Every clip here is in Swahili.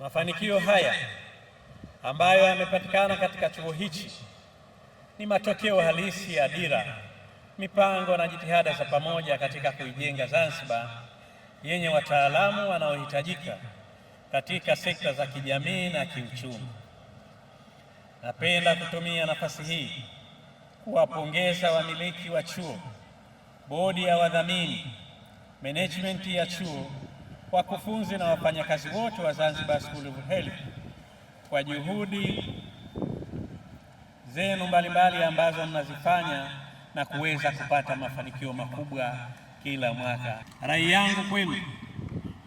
Mafanikio haya ambayo yamepatikana katika chuo hichi ni matokeo halisi ya dira, mipango na jitihada za pamoja katika kuijenga Zanzibar yenye wataalamu wanaohitajika katika sekta za kijamii na kiuchumi. Napenda kutumia nafasi hii kuwapongeza wamiliki wa chuo, bodi ya wadhamini, management ya chuo wakufunzi na wafanyakazi wote wa Zanzibar School of Health kwa juhudi zenu mbalimbali ambazo mnazifanya na kuweza kupata mafanikio makubwa kila mwaka. Rai yangu kwenu,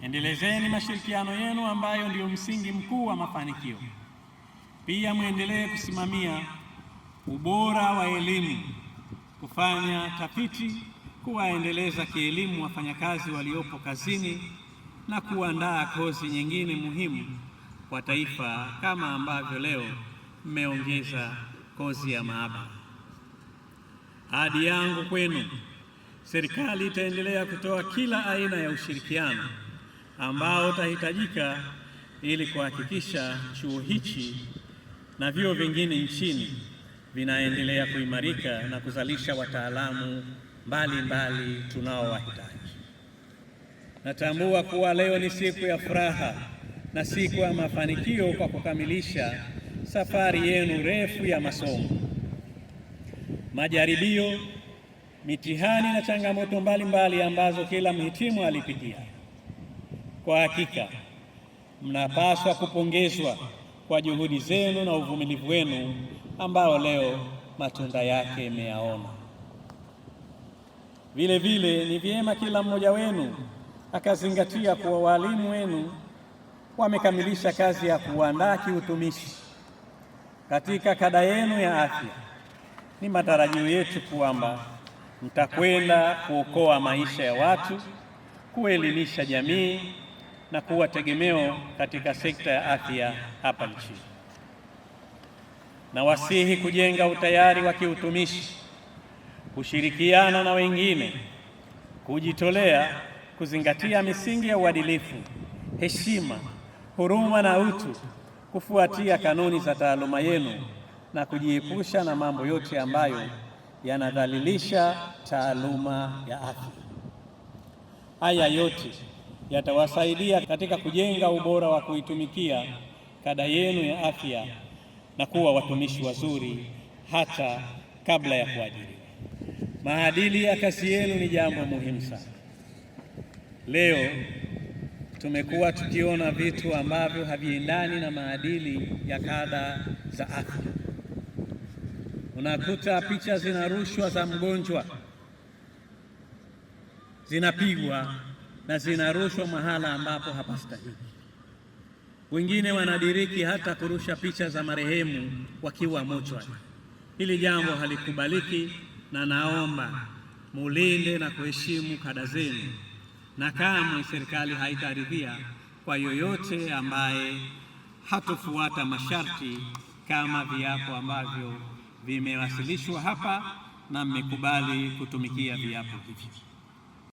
endelezeni mashirikiano yenu ambayo ndiyo msingi mkuu wa mafanikio. Pia mwendelee kusimamia ubora wa elimu, kufanya tafiti, kuwaendeleza kielimu wafanyakazi waliopo kazini na kuandaa kozi nyingine muhimu kwa taifa, kama ambavyo leo mmeongeza kozi ya maabara. Ahadi yangu kwenu, serikali itaendelea kutoa kila aina ya ushirikiano ambao utahitajika ili kuhakikisha chuo hichi na vyuo vingine nchini vinaendelea kuimarika na kuzalisha wataalamu mbalimbali tunaowahitaji. Natambua kuwa leo ni siku ya furaha na siku ya mafanikio kwa kukamilisha safari yenu refu ya masomo. Majaribio, mitihani na changamoto mbalimbali mbali ambazo kila mhitimu alipitia. Kwa hakika mnapaswa kupongezwa kwa juhudi zenu na uvumilivu wenu ambao leo matunda yake imeyaona Vile vile ni vyema kila mmoja wenu akazingatia kuwa walimu wenu wamekamilisha kazi ya kuandaa kiutumishi katika kada yenu ya afya. Ni matarajio yetu kwamba mtakwenda kuokoa maisha ya watu, kuelimisha jamii na kuwa tegemeo katika sekta ya afya hapa nchini. Na wasihi kujenga utayari wa kiutumishi, kushirikiana na wengine, kujitolea kuzingatia misingi ya uadilifu, heshima, huruma na utu, kufuatia kanuni za taaluma yenu na kujiepusha na mambo yote ambayo yanadhalilisha taaluma ya afya. Haya yote yatawasaidia katika kujenga ubora wa kuitumikia kada yenu ya afya na kuwa watumishi wazuri hata kabla ya kuajiriwa. Maadili ya kazi yenu ni jambo muhimu sana. Leo tumekuwa tukiona vitu ambavyo haviendani na maadili ya kada za afya. Unakuta picha zinarushwa za mgonjwa zinapigwa na zinarushwa mahala ambapo hapastahili. Wengine wanadiriki hata kurusha picha za marehemu wakiwa mochwa Hili jambo halikubaliki, na naomba mulinde na kuheshimu kada zenu na kamwe serikali haitaridhia kwa yoyote ambaye hatofuata masharti kama viapo ambavyo vimewasilishwa hapa na mmekubali kutumikia viapo hivyo.